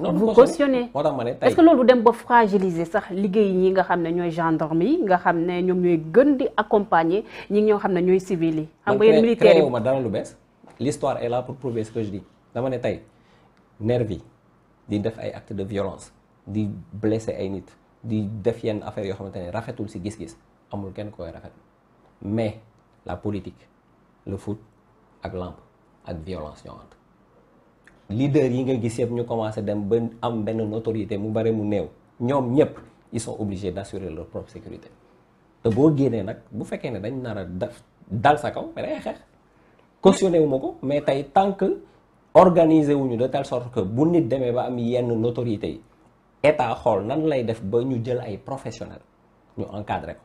non vous cautionnez moo tax ma ne tey est-ce que loolu dem ba fragiliser sax liggéey ñi nga xam ne ñooy gendarme yi nga xam ne ñoom ñooy gën di accompagner ñi ñoo xam ne ñooy civil yi. xam nga yéen militaire yi ma lu bees. l'histoire est là pour prouver ce que je dis dama ne tey nervi di def ay actes de violence di blesser ay nit di def yenn affaire yoo xamante ne rafetul ci gis-gis amul kenn koy rafet mais la politique le foot ak lampe ak violence ñoo ànd. leader yi nga gis yëpp ñu commencé dem ba am benn notoriété mu bare mu néew ñoom ñëpp ils sont obligés d'assurer leur propre sécurité te boo génnee nag bu fekkee ne dañ nar a dal sa kaw mais day wu ma ko mais tey tant que organiser wuñu de telle sorte que bu nit demee ba am yenn notoriété yi état xool nan lay def ba ñu jël ay professionnel ñu encadré ko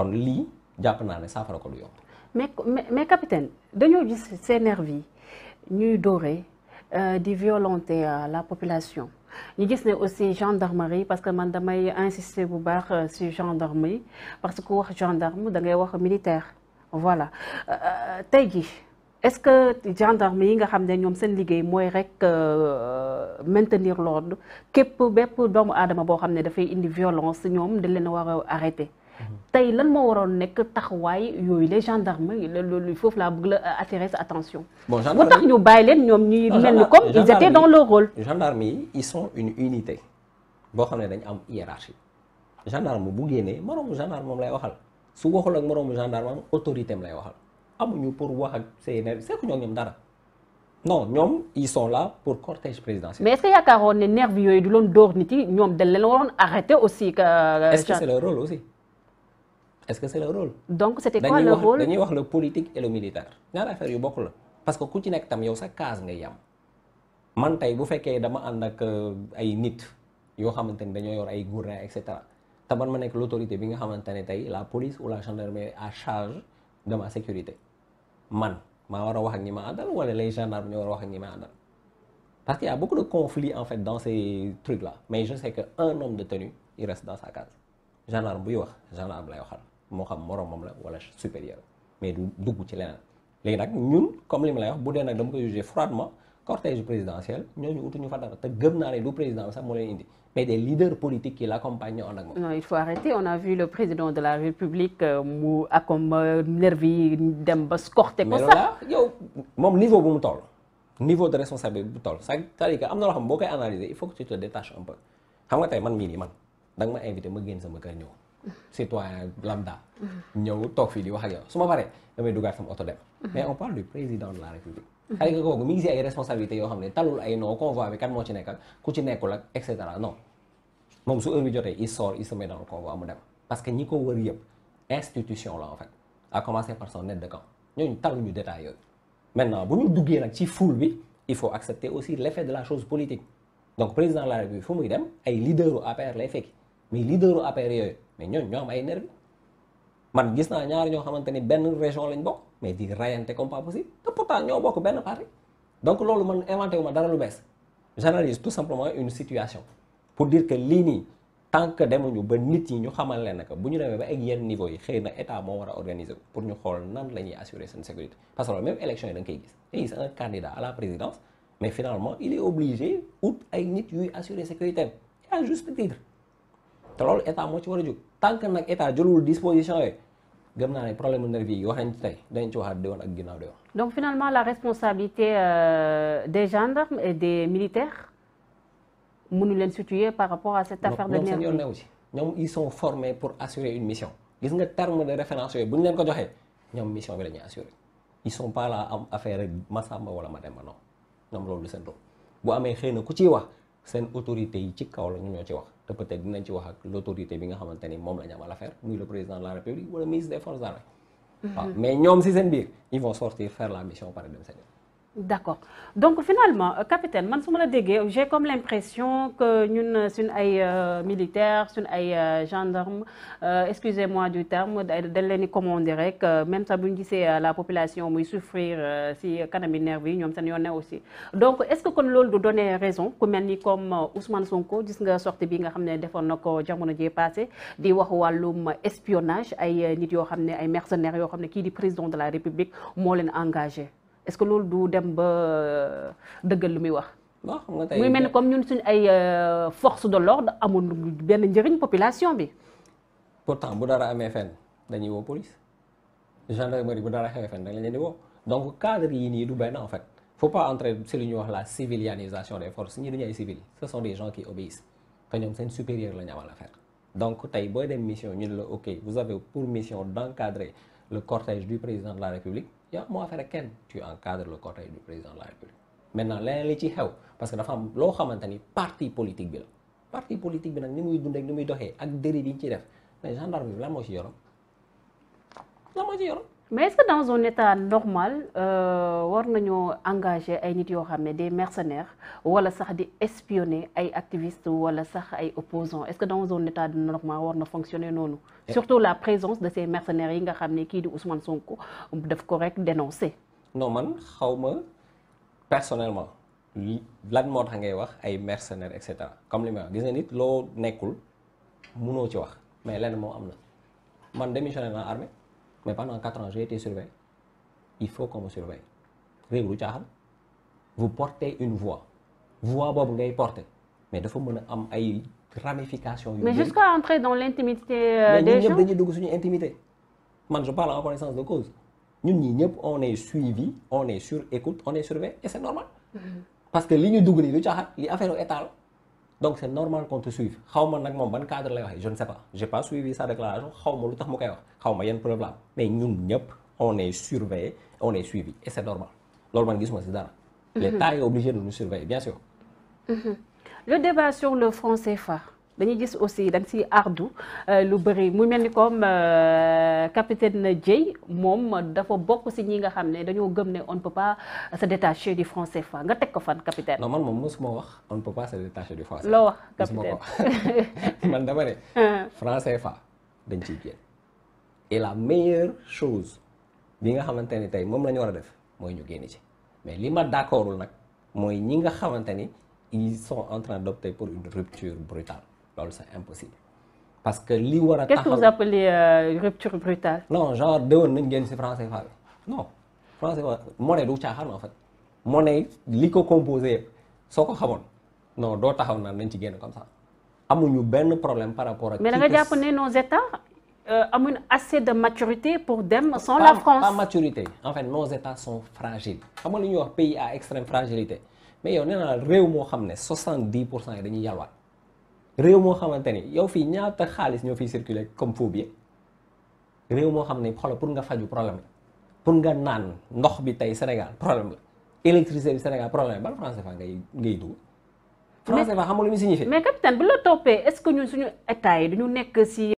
kon lii jàpp naa ne saafara ko du yomb. mais mais capitaine dañoo gis ces ñuy dooree. Euh, di violonté euh, la population ñu gis ne aussi gendarmerie parce que man damay insister bu baax ci euh, gendarmerie parce que wax gendarme da ngay wax militaire voilà tey jii est-ce que gendarme yi nga xam ne ñoom seen liggéey mooy rek maintenir l'ordre képp bépp doomu aadama boo xam ne dafay indi violence ñoom dañ leen war a arrêter tey lan moo waroon nekk taxawaay yooyu les gendarmes loolu foofu laa bëgg la euh, attirer sa attention. bon gendarmerie tax ñu bàyyi leen ñoom ñuy mel ni comme ils étaient dans leur rôle. gendarmes yi ils sont une unité boo xam ne dañu am hiérarchie gendarme bu génnee moroomu gendarme moom lay waxal su waxul ak moroomu gendarme am autorité am lay waxal amuñu pour wax ak CNR seeku ñoo ñoom dara. non ñoom ils sont là pour cortège présidentiel. mais est-ce que yaakaaroon yooyu du loon dóor nit yi ñoom dañ leen waroon arrêter aussi. que euh, est-ce que c'est leur rôle aussi. est-ce que c'est le rôle. donc c'était quoi le rôle dañuy wax le politique et le militaire ñaari affaire yu bokk la parce que ku ci nekk tam yow sa case ngay yam man tey bu fekkee dama ànd ak euh, ay nit yoo xamante ni dañoo yor ay gouverneur et cetera te man ma nekk l'autorité bi nga xamante ne tey la police ou la gendarmerie à charge de ma sécurité man maa war a wax ak ñi ma àndal wala les gendarmes ñoo war a wax ak ñi ma àndal parce qu'il y a beaucoup en fait dans ces trucs là mais je sais de tenue il reste dans buy wax gendarme lay waxal. moo xam moromam la wala supérieur mais du dugg ci leneen léegi nag ñun comme li ma lay wax bu dee nag dama koy jugé froidement cortège présidentiel ñooñu utuñu fa dara te gëm naa ne du président sax moo leen indi mais des leaders politiques qui l'accompagnent ñoo ànd ak moom. non il faut arrêter on a vu le président euh, euh, dem ba scorté ko sax yow moom niveau bu mu toll. niveau de responsabilité bu toll cest à am na loo xam boo koy analyser il faut que tu te détaches un peu xam nga tey man mii nii ma invité ma génn sama kër ñëw. citoyen lambda. ñëw toog fii di wax ak yow su ma paree damay duggaat sama oto dem. mais on parle du président de mhm. la république. xale nga kooku mi ngi si ay responsabilités yoo xam ne talul ay non convoi bi kan moo ci nekk ku ci nekkul ak et cetera moom su heure bi jotee il sort il se met dans mu dem parce que ñi ko wër yëpp institution la en fait à commencer par son aide de camp ñooñu taluñu détail yooyu. maintenant bu ñu duggee nag ci foule bi il faut accepter aussi l' effet de la chose politique donc président de la république fu muy lay fekki. mais leaderu APR yooyu mais ñooñu ñoom am ay nervi man gis naa ñaar ñoo xamante ni benn région lañ bokk mais di rayante comme pas possible te pourtant ñoo bokk benn parti donc loolu man inventé wu ma dara lu bees j'analyse tout simplement une situation pour dire que lii nii tan que demuñu ba nit yi ñu xamal leen ne bu ñu demee ba ak yenn niveau yi xëy na état moo war a organiser pour ñu xool nan la ñuy assurer seen sécurité parce que même élection yi da nga koy gis da gis un nit yuy assurer sécurité y a te loolu état moo ci war a jóg tant que nag état jëlul disposition yooyu gëm naa ne problème nervi yi waxee ci tey dañ ci waxaat déwoon ak ginnaaw déwoon. donc finalement la responsabilité euh, des gendarmes et des militaires mënu leen situer par rapport à cette affaire de nervi. ñoom seen yoon newu ci ñoom ils sont formés pour assurer une mission gis nga terme de référence yooyu bu ñu leen ko joxee ñoom mission bi la ñuy assurer ils sont pas là am affaire ma wala Mademba non ñoom loolu du seen doom bu amee xëy na ku ciy wax seen autorité yi ci kaw ñu ñoo ci wax. te peut-être dinañ ci wax ak l'autorité bi nga xamante ni moom la ñu amal affaire muy le président de la république wala ministre des forces armées mm-hmm. waaw mais ñoom si seen biir ils sortir faire la mission pare dem seen d'accord donc finalement euh, capitaine man suma la déggee j'ai comme l'impression que ñun euh, suñu ay euh, militaires suñu ay gendarmes excusez-moi du terme dañ leen di commander rek même sax bu ñu gisee la population muy souffrir si kanami nervi yi ñoom seen yoon ne aussi donc est-ce que kon loolu du donner raison ku mel ni comme Ousmane Sonko gis nga sortie bi nga xam ne defoon na ko jamono jee passé di wax wàllum espionnage ay nit yoo xam ne ay mercenaires yoo xam ne kii di président de la République moo leen engagé est-ce que loolu du dem ba euh, dëggal lu muy wax. muy mel ni comme ñun suñu ay euh, force de l'ordre amul benn njëriñ population bi. pourtant bu dara amee fenn dañuy woo police gendarmerie bu dara xewee fenn dañ leen di woo donc cadre yi nii du benn en fait faut pas entrer si lu ñu wax la civilianisation des forces ñi duñu ay civils ce sont des gens qui obéissent te ñoom seen supérieur la ñu a affaire donc tey booy dem mission ñu ne la ok vous avez pour mission d'encadrer le cortège du président la république. yaa moo affaire ak kenn tu encadres le cortège du président la république maintenant leneen li ci xew parce que dafa loo xamante ni parti politique bi la parti politique bi nag ni muy dund ak ni muy doxee ak dérive yi ñu ciy def mais gendarme bi lan moo ci yorom lan moo ci yorom mais est-ce que dans un état normal euh, war nañoo engagé ay nit yoo xam ne des mercenaires wala sax di espionner ay activistes wala sax ay opposants est-ce que dans un état normal war na fonctionner noonu eh. surtout la présence de ces mercenaires yi nga xam ne kii di Ousmane Sonko daf ko rek dénoncer non man xaw ma personnellement lan moo tax ngay wax ay mercenaires et cetera comme li ma wax gis nit loo nekkul munoo ci wax mais lenn moo am na man démissionné naa armée mais pendant quatre ans j'ai été surveillé il faut qu'on me surveille réew caaxal vous portez une voix voix boobu ngay porter mais dafa mën a am ay ramifications. mais jusqu'à entrer dans l'intimité euh, des gens ñun ñëpp dañuy dugg suñu intimité man je parle en connaissance de cause ñun ñi ñëpp on est suivi on est sur écoute on est surveillé et c'est normal mm-hmm. parce que li ñu dugg nii du caaxal li affaire état la donc c' est normal qu'on te suive xaw ma nag moom ban cadre lay je ne sais pas j'ai pas suivi sa déclaration xaw ma lu tax mu koy wax xaw ma yenn preuve la mais ñun ñëpp on est surveillé on est suivi et c' normal loolu man gisuma si dara. Mm-hmm. l'État est obligé de nous surveiller bien sûr. Mm-hmm. le débat sur le franc CFA. dañuy gis aussi da nga siy ardu euh, lu bëri mu mel ni comme euh, capitaine Dieye moom dafa bokk si ñi nga xam ne dañoo gëm ne on ne peut pas se détacher du nga teg ko fan capitaine. non man moom mosuma wax on ne peut pas se détacher du franc CFA. loo wax capitaine man dama ne. franc CFA dañ ciy génn. et la meilleure chose bi nga xamante ne tey moom la ñu war a def mooy ñu génn ci mais li ma d'accordul nag mooy ñi nga xamante ni ils sont en train d'opter pour une rupture loolu c'est impossible parce que li war a. taxaw qu'est-ce que vous appelez euh, rupture brutale. non genre déwén nañ génn ci franc CFA bi non franc CFA monnaie du caaxaan en fait monnaie li ko composé soo ko xamoon non doo taxaw naan nañ ci génn comme ça amuñu benn problème par rapport ak. mais da nga jàpp ne nos états. Euh, amuñu assez de maturité pour dem sans pas, la France pas états sont fragiles xam ñuy wax pays à extrême fragilité mais yow nee naa moo xam ne 70 pour cent yi dañuy yalwaat réew moo xamante ni yow fii ñaata xaalis ñoo fiy circuler comme faux billet réew moo xam ne xoolal pour nga faju problème la pour nga naan ndox bi tey Sénégal problème la électricité bi Sénégal problème la ban franc CFA ngay ngay dugg. franc CFA xam nga lu muy signifié. mais capitaine bu la toppee est-ce que ñun suñu état yi ñu nekk si.